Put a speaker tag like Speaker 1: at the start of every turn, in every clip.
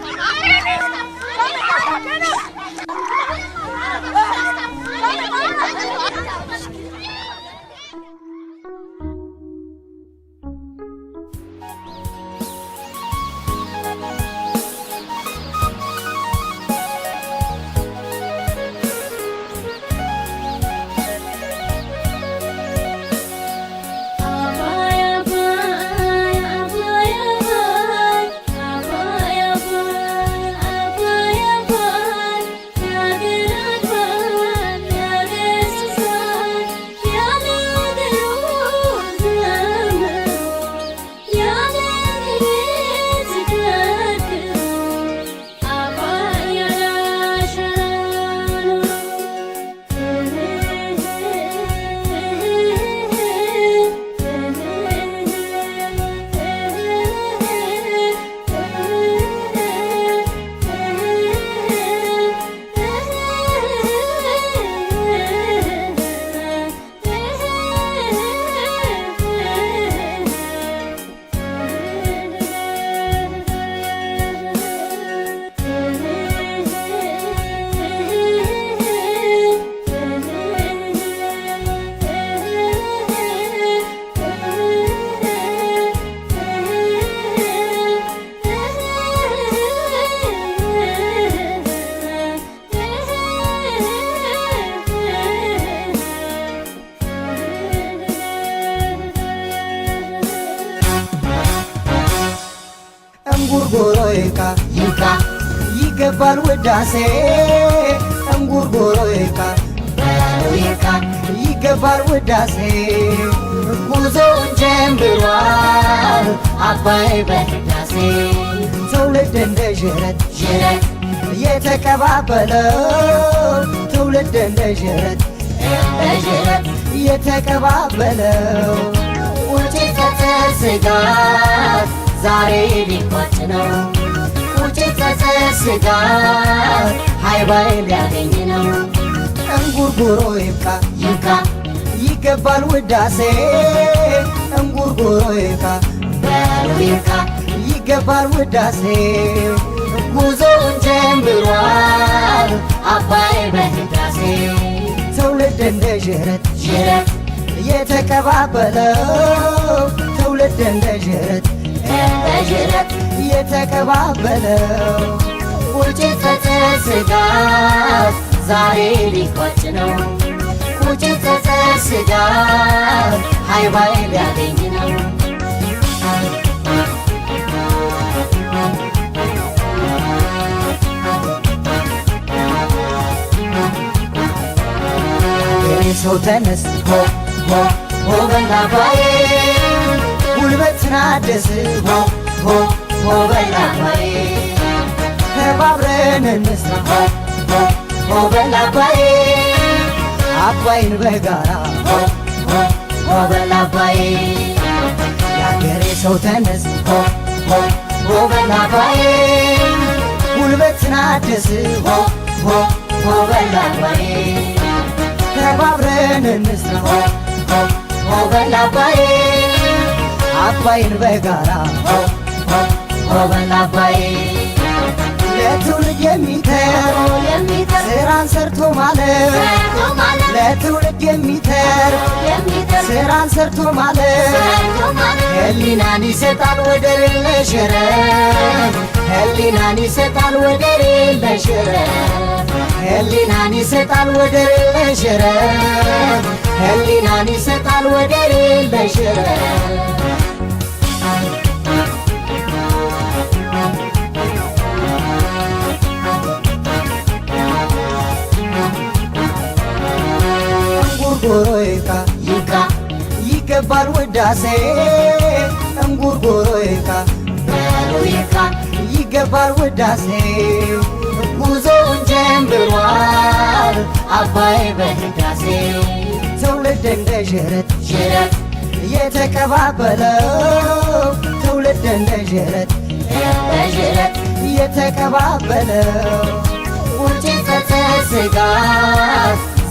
Speaker 1: Ay,
Speaker 2: ይካ ይካ ይገባል ውዳሴ እንጉርጉሮ ይካ በያለው ይካ ይገባል ውዳሴ ጉዞውን ጀምሯል አባይ በህዳሴ ትውልድ እንደ ዥረት ዥረት የተቀባበለው ትውልድ እንደ ዥረት ዥረት የተቀባበለው ውጭ ከተስጋት ዛሬ ሊቆጭ ነው ጭፈተ ሥጋ ሀይባይ ሊያገኝ ነው። እንጉርጉሮ ይብቃ ይብቃ ይገባል ውዳሴ እንጉርጉሮ ይብቃ በሉ ይብቃ ይገባል ውዳሴ ጉዞውን ጀምሯል አባይ በህዳሴ ትውልድ እንደ ዥረት ዥረት የተቀባበለው ትውልድ እንደ ዥረት እንደ ጅረት የተቀባበለው ቁጭት ስጋት ዛሬ ሊቋጭ ነው። ቁጭት ስጋ ሃይባይ ሊያገኝ ነው። ሰው ተነስ ሆ ሆ ሆ እናድስ ሆ ሆ በላባይ ተባብረን እንስራ ሆ ሆ በላባይ አባይን በጋራ ሆ ሆ ሆ በላባይ የአገሬ ሰው ተነስ ሆ ሆ ሆ በላባይ ጉልበት እናድስ ሆ ሆ ሆ በላባይ ተባብረን እንስራ ሆ ሆ ሆ በላባይ አባይን በጋራ ወበል አባይ ለትውልድ የሚተር ስራን ሰርቶ ማለት ለትውልድ የሚተር ስራን ሰርቶ ማለት ህሊናን ይሰጣል ወደር የለሽረም ህሊናን ይሰጣል ወደር የለሽረም ህሊናን ይሰጣል ወደር የለሽረም ህሊናን ይሰጣል ወደር የለሽረም እንጉርጉሮይካ ይካ ይገባል ውዳሴ እንጉርጉሮይካ ይካ ይገባል ውዳሴ ጉዞውን ጀምሯል አባይ በህዳሴ ትውልድ እንደ ሽረት ሽረት የተቀባበለው ትውልድ እንደ ሽረት ሽረት የተቀባበለው ውጭ ተተስጋ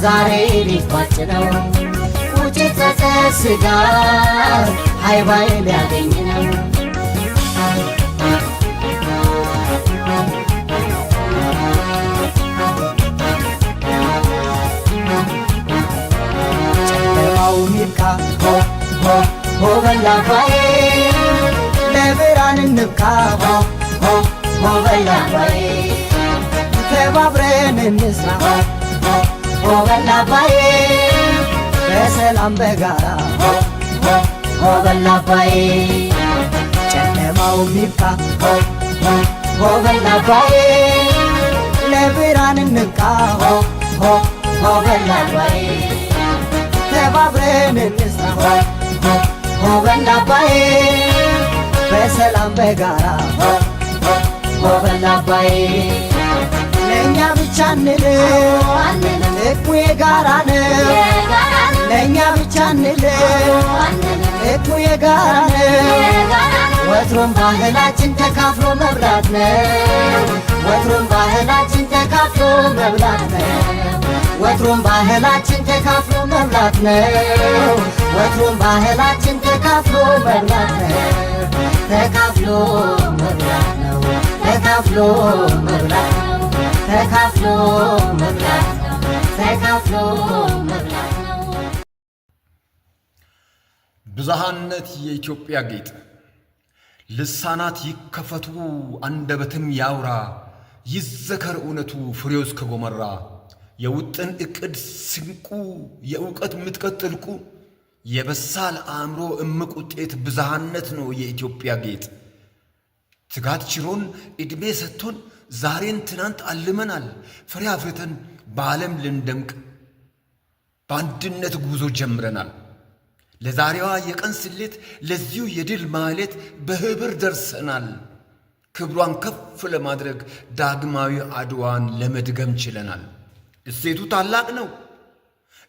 Speaker 2: ዛሬ ሊቋጭ ነው። ውጭት ጸጸት ስጋት ሊያገኝ ነው። ሆ ሆ ለብርሃን እንብቃ ሆ ሆ ሆ በል ተባብረን እንስራ ሆበል አባዬ በሰላም በጋራ ሆበል አባዬ ጨለማው ይብቃ ሆበል ለብርሃን እንብቃ ሆበል ተባብረን እንስራ ሆበል በሰላም በጋራ ሆበል አባዬ ለእኛ ብቻ እንል የጋራ ነው ለእኛ ብቻ እንል እቁ የጋራ ነው ወትሮም ባህላችን ተካፍሎ መብላት ነው ወትሮም ባህላችን ተካፍሎ መብላት ነው ወትሮም ባህላችን ተካፍሎ መብላት ነው ወትሮም ባህላችን ተካፍሎ መብላት ነው ተካፍሎ መብላት ነው ተካፍሎ መብላት ነው ተካፍሎ መብላት
Speaker 3: ነው ብዝሃነት የኢትዮጵያ ጌጥ ልሳናት ይከፈቱ አንደበትም ያውራ ይዘከር እውነቱ ፍሬው እስከ ጎመራ የውጥን እቅድ ስንቁ የእውቀት ምጥቀት ጥልቁ የበሳል አእምሮ እምቅ ውጤት ብዝሃነት ነው የኢትዮጵያ ጌጥ። ትጋት ችሮን ዕድሜ ሰጥቶን ዛሬን ትናንት አልመናል ፍሬ አፍርተን በዓለም ልንደምቅ በአንድነት ጉዞ ጀምረናል። ለዛሬዋ የቀን ስሌት፣ ለዚሁ የድል ማህሌት በህብር ደርሰናል። ክብሯን ከፍ ለማድረግ ዳግማዊ አድዋን ለመድገም ችለናል። እሴቱ ታላቅ ነው።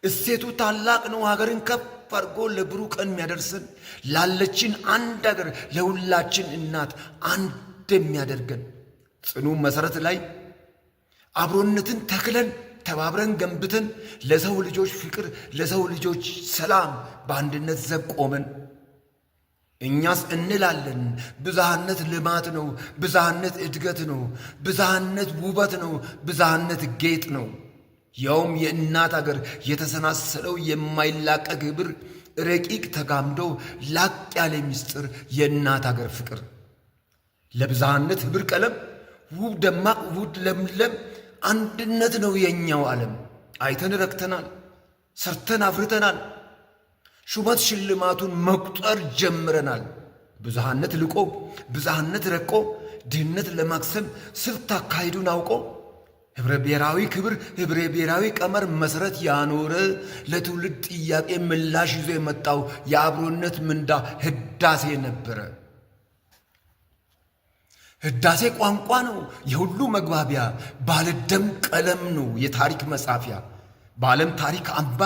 Speaker 3: እሴቱ ታላቅ ነው። ሀገርን ከፍ አድርጎ ለብሩ ቀን የሚያደርሰን ላለችን አንድ ሀገር ለሁላችን እናት አንድ የሚያደርገን ጽኑ መሠረት ላይ አብሮነትን ተክለን ተባብረን ገንብተን ለሰው ልጆች ፍቅር፣ ለሰው ልጆች ሰላም በአንድነት ዘብ ቆመን እኛስ እንላለን ብዝሃነት ልማት ነው፣ ብዝሃነት እድገት ነው፣ ብዝሃነት ውበት ነው፣ ብዝሃነት ጌጥ ነው። ያውም የእናት አገር የተሰናሰለው የማይላቀቅ ህብር ረቂቅ ተጋምዶ ላቅ ያለ ምስጢር የእናት አገር ፍቅር ለብዝሃነት ህብር ቀለም ውብ ደማቅ ውድ ለምለም አንድነት ነው የኛው ዓለም። አይተን ረክተናል፣ ሰርተን አፍርተናል። ሹመት ሽልማቱን መቁጠር ጀምረናል። ብዝሃነት ልቆ ብዝሃነት ረቆ ድህነት ለማክሰም ስልት አካሄዱን አውቆ ኅብረ ብሔራዊ ክብር ኅብረ ብሔራዊ ቀመር መሠረት ያኖረ ለትውልድ ጥያቄ ምላሽ ይዞ የመጣው የአብሮነት ምንዳ ህዳሴ ነበረ። ህዳሴ ቋንቋ ነው፣ የሁሉ መግባቢያ ባለደም ቀለም ነው፣ የታሪክ መጻፊያ በዓለም ታሪክ አምባ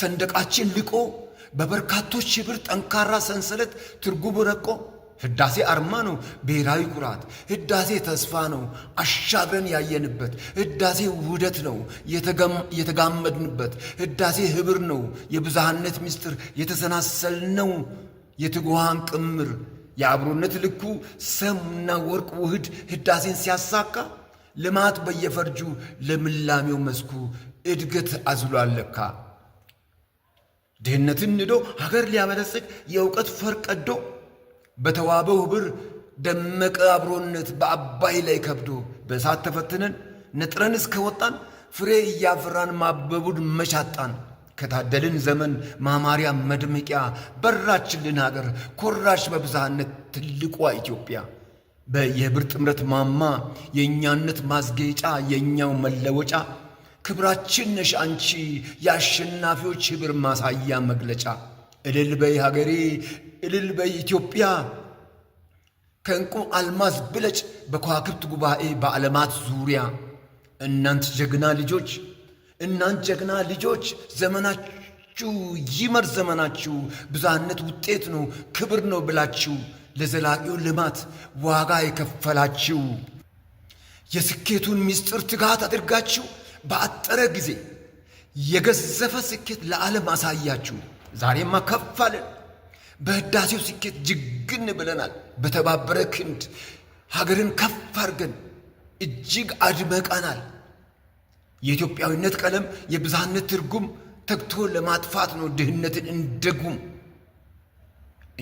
Speaker 3: ሰንደቃችን ልቆ በበርካቶች ሽብር ጠንካራ ሰንሰለት ትርጉሙ ረቆ ህዳሴ አርማ ነው፣ ብሔራዊ ኩራት። ህዳሴ ተስፋ ነው፣ አሻግረን ያየንበት። ህዳሴ ውህደት ነው፣ የተጋመድንበት። ህዳሴ ህብር ነው፣ የብዝሃነት ምስጢር የተሰናሰልነው የትጉሃን ቅምር የአብሮነት ልኩ ሰምና ወርቅ ውህድ ህዳሴን ሲያሳካ ልማት በየፈርጁ ለምላሜው መስኩ እድገት አዝሏል ለካ። ድህነትን ንዶ ሀገር ሊያበለጽግ የእውቀት ፈር ቀዶ በተዋበው ብር ደመቀ አብሮነት በአባይ ላይ ከብዶ በእሳት ተፈትነን ነጥረን እስከወጣን ፍሬ እያፈራን ማበቡን መቻጣን ከታደልን ዘመን ማማሪያ መድመቂያ በራችልን ሀገር ኮራሽ በብዝሃነት ትልቋ ኢትዮጵያ በየብር ጥምረት ማማ የእኛነት ማስጌጫ የእኛው መለወጫ ክብራችን ነሽ አንቺ የአሸናፊዎች ኅብር ማሳያ መግለጫ። እልል በይ ሀገሬ፣ እልል በይ ኢትዮጵያ፣ ከእንቁ አልማዝ ብለጭ በከዋክብት ጉባኤ በዓለማት ዙሪያ እናንት ጀግና ልጆች እናንት ጀግና ልጆች ዘመናችሁ ይመር ዘመናችሁ ብዝሃነት ውጤት ነው፣ ክብር ነው ብላችሁ ለዘላቂው ልማት ዋጋ የከፈላችሁ የስኬቱን ምስጢር ትጋት አድርጋችሁ በአጠረ ጊዜ የገዘፈ ስኬት ለዓለም አሳያችሁ። ዛሬማ ከፍ አለን። በህዳሴው ስኬት ጅግን ብለናል። በተባበረ ክንድ ሀገርን ከፍ አድርገን እጅግ አድመቀናል። የኢትዮጵያዊነት ቀለም የብዝሃነት ትርጉም ተግቶ ለማጥፋት ነው ድህነትን እንደጉም።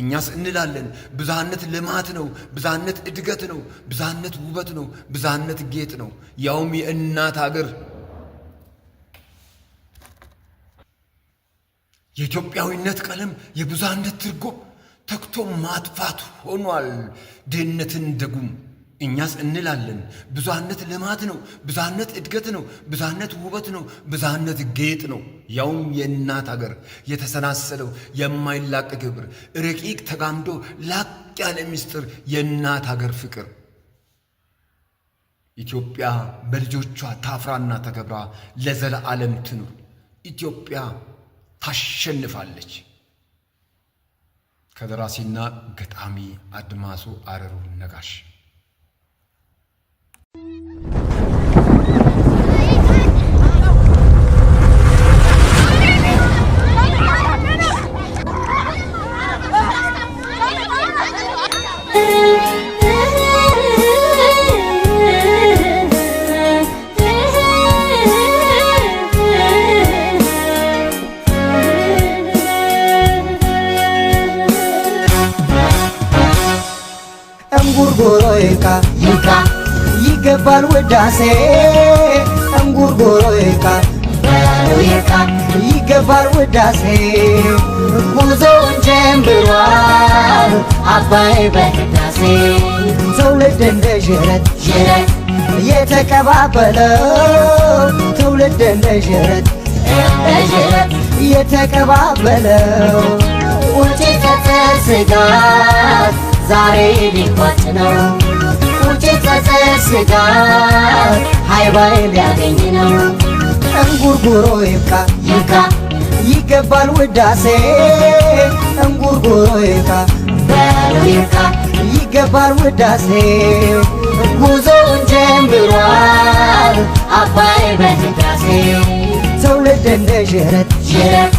Speaker 3: እኛስ እንላለን ብዝሃነት ልማት ነው፣ ብዝሃነት እድገት ነው፣ ብዝሃነት ውበት ነው፣ ብዝሃነት ጌጥ ነው፣ ያውም የእናት አገር የኢትዮጵያዊነት ቀለም የብዝሃነት ትርጉም ተግቶ ማጥፋት ሆኗል ድህነትን ደጉም እኛስ እንላለን ብዙነት ልማት ነው፣ ብዙነት እድገት ነው፣ ብዝሃነት ውበት ነው፣ ብዙነት ጌጥ ነው። ያውም የእናት አገር የተሰናሰለው የማይላቅ ግብር ረቂቅ ተጋምዶ ላቅ ያለ ምስጢር የእናት አገር ፍቅር ኢትዮጵያ በልጆቿ ታፍራና ተከብራ ለዘለዓለም ትኑር። ኢትዮጵያ ታሸንፋለች። ከደራሲና ገጣሚ አድማሱ አረሩ ነጋሽ Mm-hmm.
Speaker 2: ይቀርባል ውዳሴ እንጉርጉሮ ይካ ይገባል ውዳሴ ጉዞውን ጀምሯል አባይ በቅዳሴ ትውልድ እንደ ዥረት ዥረት የተቀባበለው ትውልድ እንደ ዥረት የተቀባበለው ውጪ ስጋት ዛሬ ሊቋጭ ነው። የአመጻጸር ስጋት ሃይባይ ቢያገኝ ነው እንጉርጉሮ ይብቃ ይብቃ ይገባል ውዳሴ እንጉርጉሮ ይብቃ ይብቃ ይገባል ውዳሴ ጉዞውን ጀምሯል አባይ በትዳሴ ትውልድ እንደ ሽረት ሽረት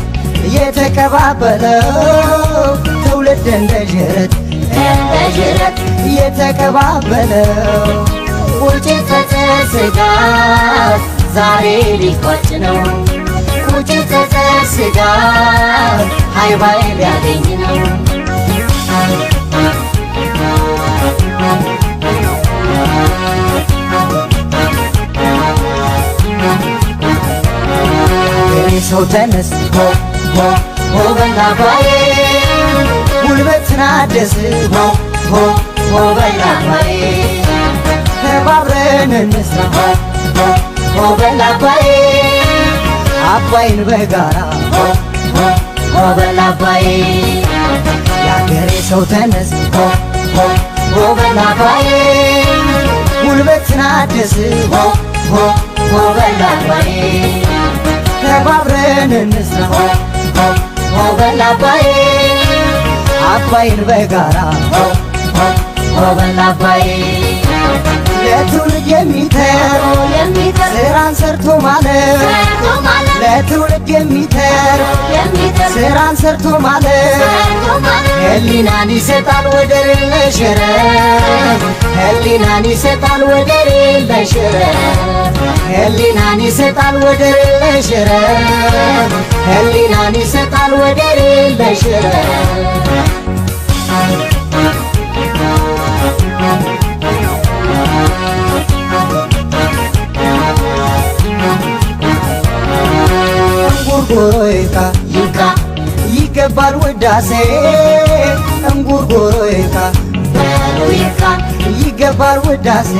Speaker 2: የተቀባበለው ትውልድ እንደ ሽረት እንደ ጅረት እየተቀባበለው ቁጭት ስጋ ዛሬ ሊቋጭ ነው። ቁጭት ስጋ ሃይባይ ሊያገኝ ነው። ሰው ተነስ ሆ ሆ ሆ በጉልበት ስራ ደስ ሆ ሆ ሆ በላባይ ተባብረን እንስራ ሆ ሆ በላባይ አባይን በጋራ ሆ ሆ ሆ በላባይ ያገሬ ሰው ተነስ ሆ ሆ ሆ በላባይ ጉልበት ስራ ሆ ሆ ሆ በላባይ ተባብረን እንስራ ሆ ሆ ሆ በላባይ አባይን በጋራ አባይ ለትውልድ የሚተር ስራን ሰርቶ ማለት ለትውልድ የሚተር ስራን ሰርቶ ማለት ህሊናን ይሰጣል ወደር ህሊናን ይሰጣል ወደር ህሊናን ይሰጣል ወደር የለሽ ረብ ህሊናን ይሰጣል ወደር የለሽ ረብ እንጉርጉሮ ይካ ይገባል ውዳሴ እንጉርጉሮ ይካ ይገባል ውዳሴ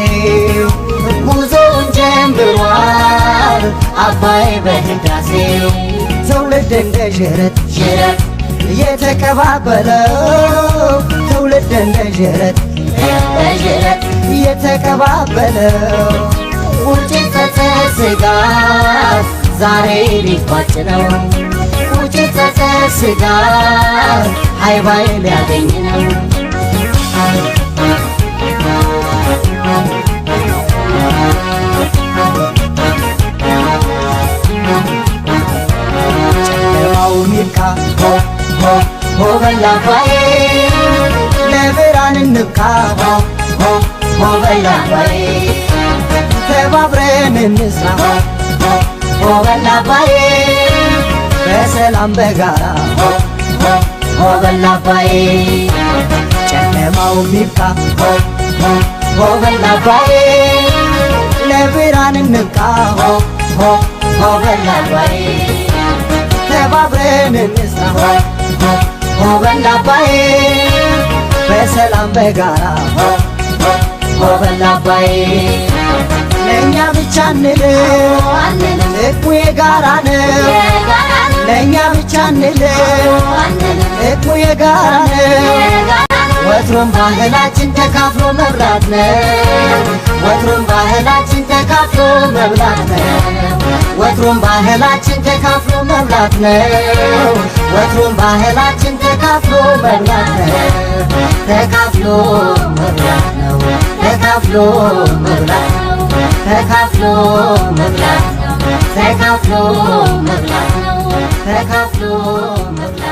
Speaker 2: ዓለም ብሏል አባይ በህዳሴው ትውልድ እንደ ዥረት ዥረት የተቀባበለው ትውልድ እንደ ዥረት ዥረት የተቀባበለው ውጭ ጸጸት ስጋት ዛሬ ሊቋጭ ነው። ውጭ ጸጸት ስጋት ሃይባይ ሊያገኝ ነው። ጨለማው ሚካ ሆ ሆ ሆ በላባዬ ለብርሃን እንካ ሆ ሆ ሆ በላባዬ ተባብረን እንስራ ሆ ሆ ሆ በላባዬ በሰላም በጋራ ሆ ሆ ሆ በላባዬ ጨለማው ሚካ ሆ ሆ ሆ በላባዬ በብራን እንብቃ ሆ ሆ ሆ በላባይ ተባብረን እንስራ ሆ በላባይ በሰላም በጋራ ሆ ሆ በላባይ ለእኛ ብቻ እንለው እቁ የጋራ ነው። ለእኛ ብቻ እንለው እቁ የጋራ ነው። ወትሮም ባህላችን ተካፍሎ መብላት ነው። ወትሮም ባህላችን ተካፍሎ መብላት ነው። ወትሮም ባህላችን ተካፍሎ መብላት ነው። ወትሮም ባህላችን ተካፍሎ መብላት ነው። ተካፍሎ መብላት ነው። ተካፍሎ መብላት ነው። ተካፍሎ መብላት ነው። ተካፍሎ መብላት ነው። ተካፍሎ መብላት